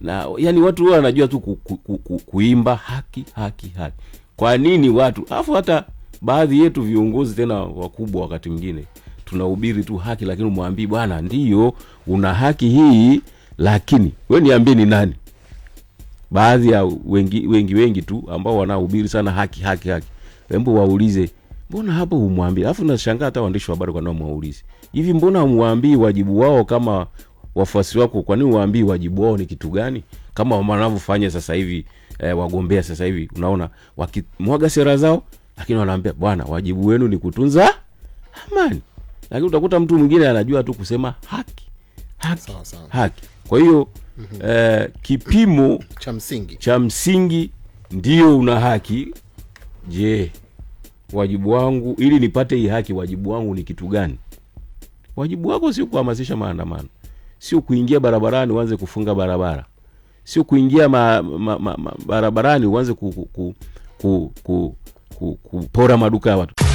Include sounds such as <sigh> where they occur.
na yani watu huwa wanajua tu ku, ku, ku, ku, kuimba haki haki haki. Kwa nini watu afu hata baadhi yetu viongozi tena wakubwa wakati mwingine tunahubiri tu haki, lakini umwambii bwana, ndiyo una haki hii, lakini we niambie ni nani? Baadhi ya wengi wengi wengi tu ambao wanahubiri sana haki haki haki, hebu waulize, mbona hapo humwambii? Alafu nashangaa hata waandishi wa habari kwa nao mwaulizi hivi, mbona umwambii wajibu wao kama wafuasi wako, kwa nini waambii wajibu wao ni kitu gani, kama wanavyofanya sasa hivi eh, wagombea sasa hivi unaona wakimwaga sera zao, lakini wanaambia bwana, wajibu wenu ni kutunza amani, lakini utakuta mtu mwingine anajua tu kusema haki haki sawa, sawa. haki. Kwa hiyo mm -hmm. eh, kipimo <clears throat> cha msingi cha msingi ndio una haki. Je, wajibu wangu ili nipate hii haki, wajibu wangu ni kitu gani? Wajibu wako sio kuhamasisha maandamano sio kuingia barabarani uanze kufunga barabara, sio kuingia ma, ma, ma, ma, barabarani uanze ku, ku, ku, ku, ku, ku, kupora maduka ya watu.